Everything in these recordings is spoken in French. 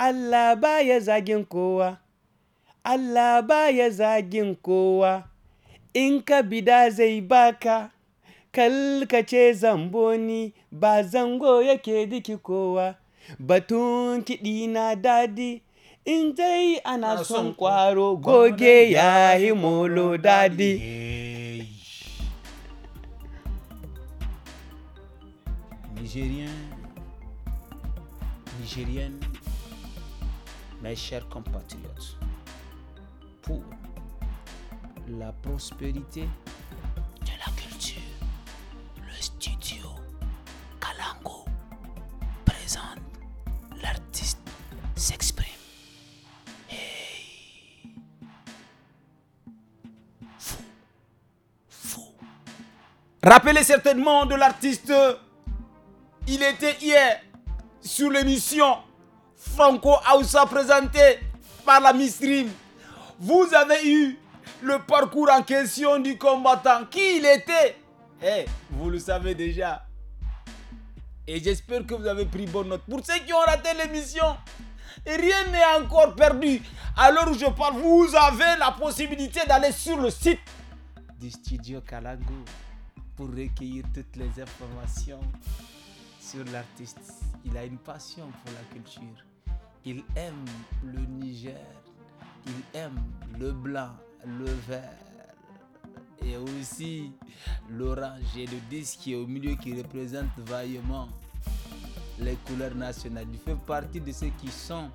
Allah ya zagin kowa, Allah ya zagin kowa, in ka bida zai baka, kalkace zamboni ba zango yake diki kowa, batun kiɗi na dadi, in dai ana son kwaro goge ya yi molo dadi. Nigerian, Nigerian. mes chers compatriotes, pour la prospérité de la culture, le studio Kalango présente l'artiste s'exprime. Hey. Fou. Fou. Rappelez certainement de l'artiste, il était hier sur l'émission Franco Aoussa présenté par la mistream Vous avez eu le parcours en question du combattant. Qui il était Eh, vous le savez déjà. Et j'espère que vous avez pris bonne note. Pour ceux qui ont raté l'émission, rien n'est encore perdu. À l'heure où je parle, vous avez la possibilité d'aller sur le site du studio Kalango pour recueillir toutes les informations sur l'artiste. Il a une passion pour la culture. Il aime le Niger, il aime le blanc, le vert et aussi l'orange et le disque qui au milieu qui représente vaillamment les couleurs nationales. Il fait partie de ceux qui sont,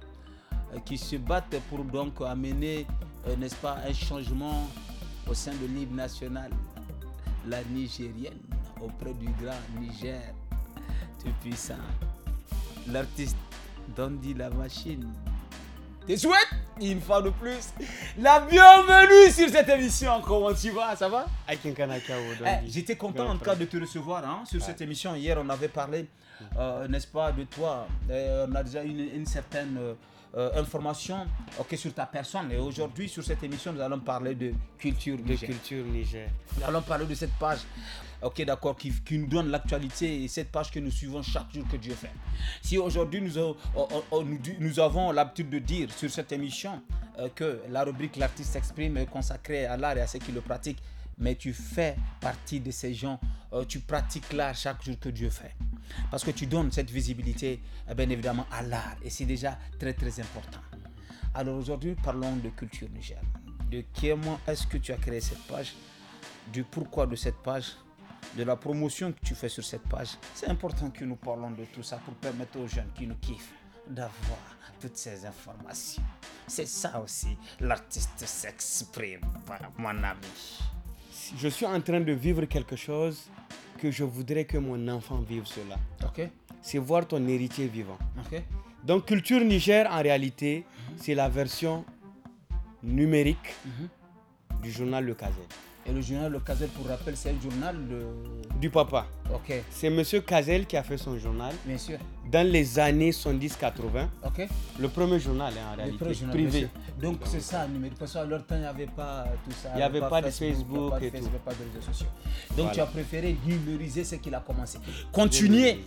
euh, qui se battent pour donc amener, euh, n'est-ce pas, un changement au sein de l'île nationale la nigérienne, auprès du grand Niger, tout puissant. L'artiste Dandy la machine. T'es souhaite Une fois de plus, la bienvenue sur cette émission. Comment tu vas Ça va eh, J'étais content en tout cas de te recevoir hein, sur cette émission. Hier, on avait parlé, euh, n'est-ce pas, de toi. Euh, on a déjà une, une certaine. Euh, euh, information ok, sur ta personne. Et aujourd'hui, sur cette émission, nous allons parler de culture légère. De culture Nous allons parler de cette page, ok, d'accord, qui, nous donne l'actualité et cette page que nous suivons chaque jour que Dieu fait. Si aujourd'hui nous, euh, nous, avons l'habitude de dire sur cette émission euh, que la rubrique L'artiste s'exprime est consacrée à l'art et à ceux qui le pratiquent, mais tu fais partie de ces gens, tu pratiques l'art chaque jour que Dieu fait. Parce que tu donnes cette visibilité, eh bien évidemment, à l'art. Et c'est déjà très, très important. Alors aujourd'hui, parlons de culture Niger. De comment est-ce que tu as créé cette page Du pourquoi de cette page de la promotion que tu fais sur cette page. C'est important que nous parlons de tout ça pour permettre aux jeunes qui nous kiffent d'avoir toutes ces informations. C'est ça aussi, l'artiste s'exprime, mon ami. Je suis en train de vivre quelque chose que je voudrais que mon enfant vive cela. C'est voir ton héritier vivant. Donc culture Niger, en réalité, c'est la version numérique mhm. du journal Le Cazette. Et le journal Le Cazel, pour rappel, c'est un journal du papa. Ok. C'est Monsieur Cazel qui a fait son journal. Bien sûr. Dans les années 70-80. Ok. Le premier journal, en hein, en le premier journal, privé. Donc c'est ça, numérique. Parce qu'à leur temps, il n'y avait pas tout ça. Il n'y avait, pas, de Facebook Il tout. il avait Pas de réseaux sociaux. Donc tu as préféré numériser ce qu'il a commencé. Continuer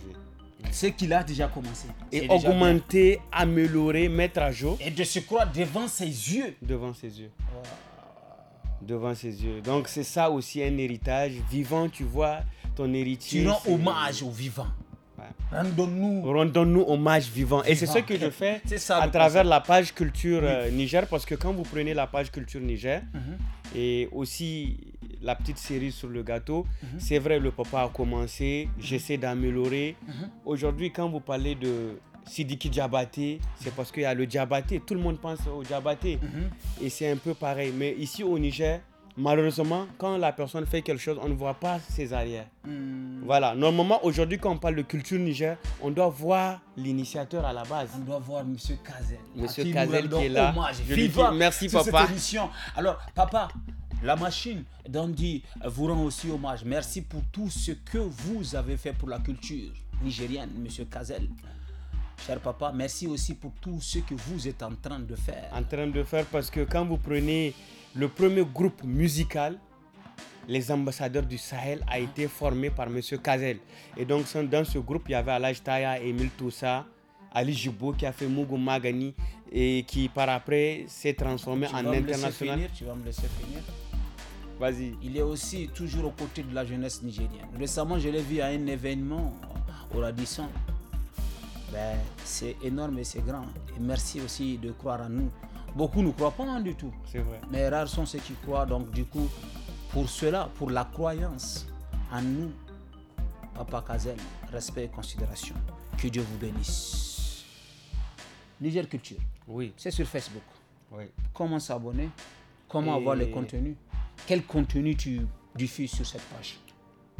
ce qu'il a déjà commencé. Et augmenter, améliorer, mettre à jour. Et de se croire devant ses yeux. Devant ses yeux. Voilà devant ses yeux. Donc c'est ça aussi un héritage vivant, tu vois, ton héritier. Tu rends hommage au vivant. Ouais. Rendons-nous hommage vivant. Et c'est ce que je fais à travers la page culture euh, Niger, parce que quand vous prenez la page culture Niger, mhm. et aussi la petite série sur le gâteau, mhm. c'est vrai, le papa a commencé, j'essaie d'améliorer. Mhm. Aujourd'hui, quand vous parlez de Sidiki Diabaté, c'est parce qu'il y a le Diabaté. Tout le monde pense au Diabaté. Mhm. Et c'est un peu pareil. Mais ici au Niger, malheureusement, quand la personne fait quelque chose, on ne voit pas ses arrières. Hmm. Voilà. Normalement, aujourd'hui, quand on parle de culture Niger, on doit voir l'initiateur à la base. On doit voir M. Kazel. M. Kazel qui est là. Je lui dis merci, papa. Alors, papa, la machine, Dandy, vous rend aussi hommage. Merci pour tout ce que vous avez fait pour la culture nigérienne, M. Kazel. Cher papa, merci aussi pour tout ce que vous êtes en train de faire. En train de faire parce que quand vous prenez le premier groupe musical, les ambassadeurs du Sahel a été formé par M. Kazel. Et donc dans ce groupe, il y avait Alaj Taya, Emile Toussa, Ali Jubo qui a fait Mougou Magani et qui par après s'est transformé en international. tu vas me laisser finir. Vas-y. Il est aussi toujours aux côtés de la jeunesse nigérienne. Récemment, je l'ai vu à un événement au Radisson. Ben, c'est énorme et c'est grand. Et merci aussi de croire en nous. Beaucoup ne croient pas du tout. C'est vrai. Mais rares sont ceux qui croient. Donc, du coup, pour cela, pour la croyance en nous, Papa Kazel, respect et considération. Que Dieu vous bénisse. Niger Culture. Oui. C'est sur Facebook. Comment s'abonner Comment avoir le contenu Quel contenu tu diffuses sur cette page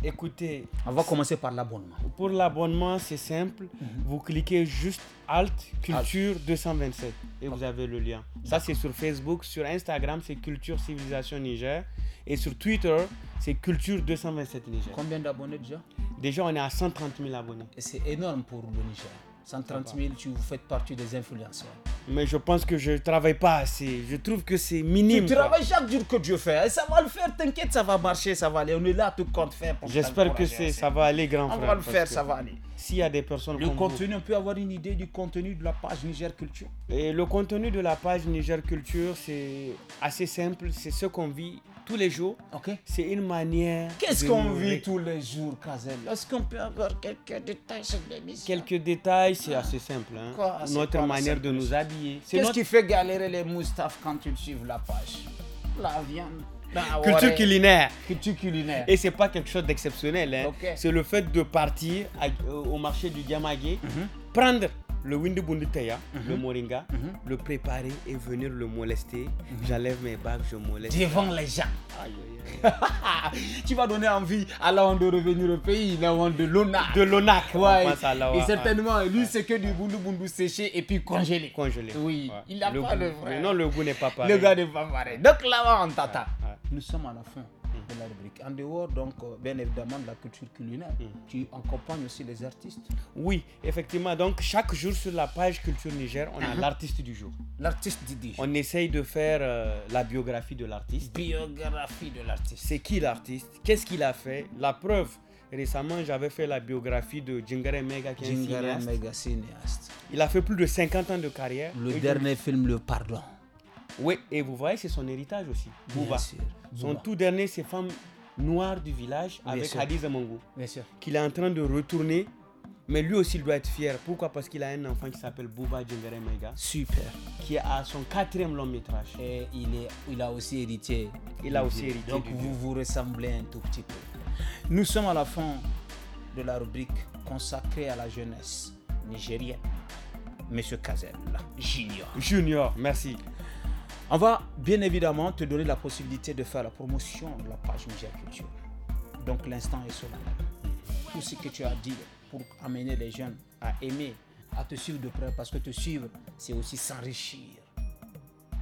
Écoutez. On va commencer par l'abonnement. Pour l'abonnement, c'est simple. Vous cliquez juste Alt Culture 227 et vous avez le lien. Ça, c'est sur Facebook. Sur Instagram, c'est Culture Civilisation Niger. Et sur Twitter, c'est Culture 227 Niger. Combien d'abonnés déjà Déjà, on est à 130 000 abonnés. Et c'est énorme pour le Niger. 130 000, tu vous faites partie des influenceurs mais je pense que je ne travaille pas assez. Je trouve que c'est minime. Tu travailles chaque jour que Dieu fait. Et ça va le faire, t'inquiète, ça va marcher, ça va aller. On est là, tout compte faire. J'espère que c'est, hein. ça va aller, grand frère. On va le faire, ça va aller. S'il y a des personnes. Le contenu, on peut avoir une idée du contenu de la page Niger Culture. Et le contenu de la page Niger Culture, c'est assez simple. C'est ce qu'on vit tous les jours, ok c'est une manière. Qu'est-ce qu'on vit tous les jours, Kazel Est-ce qu'on peut avoir quelques détails sur Quelques détails, c'est assez simple. Hein. notre manière de nous habiller. Qu'est-ce qui fait galérer les moustaphes quand ils suivent la page La viande. culture culinaire. Culture culinaire. Et c'est pas quelque chose d'exceptionnel. Hein. C'est le fait de partir au marché du Diamagué, mhm. prendre le Windu teya, mm le Moringa, mhm. le préparer et venir le molester. Mhm. J'enlève mes bagues, je moleste. Devant les gens. Aïe, aïe, tu vas donner envie à Lawan de revenir au pays, Lawan de l'ONAC. De l'ONAC, ouais. Et certainement, lui, c'est que du Bundu Bundu séché et puis congelé. Congelé. Oui, il n'a pas le vrai. non, le goût n'est pas pareil. Le gars n'est pas pareil. Donc, on tata, nous sommes à la fin. En dehors, donc, euh, bien évidemment, de la culture culinaire, tu mm. accompagnes aussi les artistes Oui, effectivement. Donc, chaque jour sur la page Culture Niger, on a uh-huh. l'artiste du jour. L'artiste du On essaye de faire euh, la biographie de l'artiste. Biographie de l'artiste. C'est qui l'artiste Qu'est-ce qu'il a fait La preuve. Récemment, j'avais fait la biographie de Djingare Mega, qui est un cinéaste. cinéaste. Il a fait plus de 50 ans de carrière. Le dernier film, Le Pardon. Oui, et vous voyez, c'est son héritage aussi. Bouba. Son tout dernier, c'est Femme Noire du village avec Hadiza Qu'il est en train de retourner. Mais lui aussi, il doit être fier. Pourquoi Parce qu'il a un enfant qui s'appelle Bouba Djengere Mega. Super. Qui a son quatrième long métrage. Et il, est, il a aussi hérité. Il a aussi hérité. Donc vous vous ressemblez un tout petit peu. Nous sommes à la fin de la rubrique consacrée à la jeunesse nigérienne. Monsieur Kazel Junior. Junior, merci. On va bien évidemment te donner la possibilité de faire la promotion de la page Média Culture. Donc l'instant est solennel. Tout ce que tu as dit pour amener les jeunes à aimer, à te suivre de près, parce que te suivre, c'est aussi s'enrichir.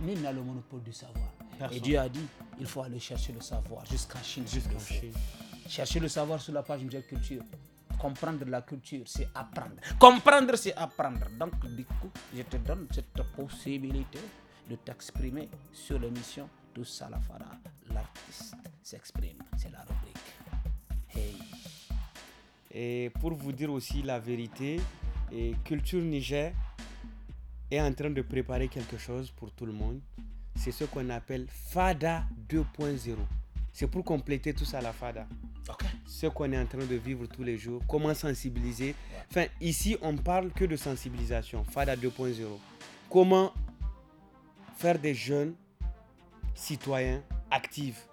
Nul n'a le monopole du savoir. Et Dieu a dit, il faut aller chercher le savoir jusqu'en Chine. Jusqu'en Chercher le savoir sur la page Média Culture. Comprendre la culture, c'est apprendre. Comprendre, c'est apprendre. Donc, du coup, je te donne cette possibilité de t'exprimer sur l'émission de Salafara. L'artiste s'exprime, c'est la rubrique. Hey. Et pour vous dire aussi la vérité, et Culture Niger est en train de préparer quelque chose pour tout le monde. C'est ce qu'on appelle Fada 2.0. C'est pour compléter tout ça la Fada. Ce qu'on est en train de vivre tous les jours, comment sensibiliser. Enfin, ici, on parle que de sensibilisation, FADA 2.0. Comment faire des jeunes citoyens actifs,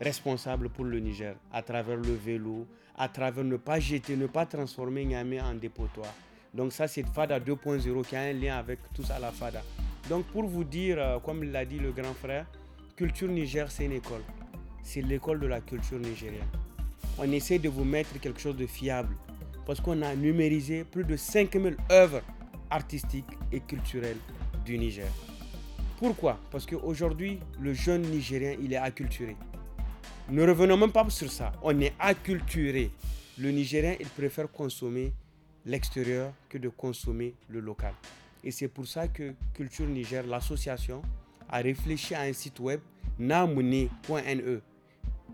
responsables pour le Niger, à travers le vélo, à travers ne pas jeter, ne pas transformer Niamey en dépotoir. Donc ça, c'est FADA 2.0 qui a un lien avec tous à la FADA. Donc pour vous dire, euh, comme l'a dit le grand frère, Culture Niger, c'est une école. C'est l'école de la culture nigérienne. On essaie de vous mettre quelque chose de fiable parce qu'on a numérisé plus de 5000 œuvres artistiques et culturelles du Niger. Pourquoi Parce qu'aujourd'hui, le jeune Nigérien, il est acculturé. Ne revenons même pas sur ça. On est acculturé. Le Nigérien, il préfère consommer l'extérieur que de consommer le local. Et c'est pour ça que Culture Niger, l'association, a réfléchi à un site web namune.ne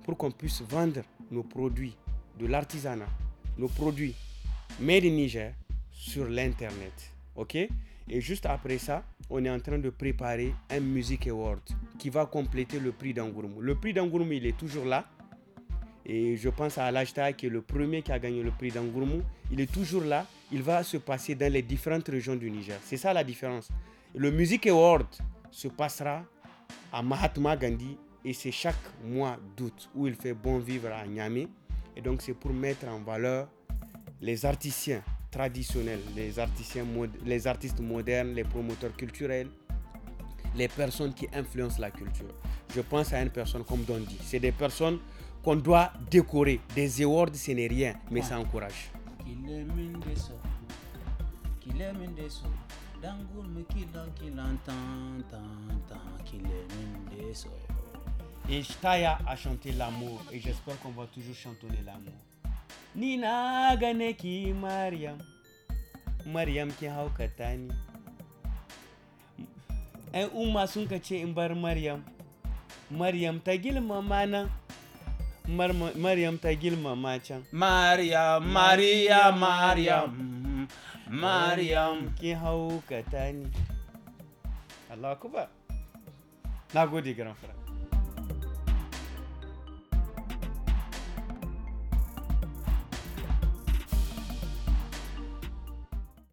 pour qu'on puisse vendre nos produits de l'artisanat, nos produits made in Niger sur l'Internet. OK et juste après ça, on est en train de préparer un Music Award qui va compléter le prix d'Angourmou. Le prix d'Angourmou, il est toujours là. Et je pense à Alajta, qui est le premier qui a gagné le prix d'Angourmou. Il est toujours là. Il va se passer dans les différentes régions du Niger. C'est ça la différence. Le Music Award se passera à Mahatma Gandhi et c'est chaque mois d'août où il fait bon vivre à Niamey. Et donc c'est pour mettre en valeur les artisans traditionnels, les, les artistes modernes, les promoteurs culturels, les personnes qui influencent la culture. Je pense à une personne comme Dondi. C'est des personnes qu'on doit décorer. Des awards, ce n'est rien, mais ça encourage. Et Staya a chanté l'amour et j'espère qu'on va toujours chantonner l'amour. ni na gane ki Maryam Maryam ki haukata ni ‘yan umma sun ka ce in bar Maryam Maryam ta girmama nan Maryam ta girmama can Maryam Maryam Maryam Maryam ki haukata ni Allah kuba na gode garan fara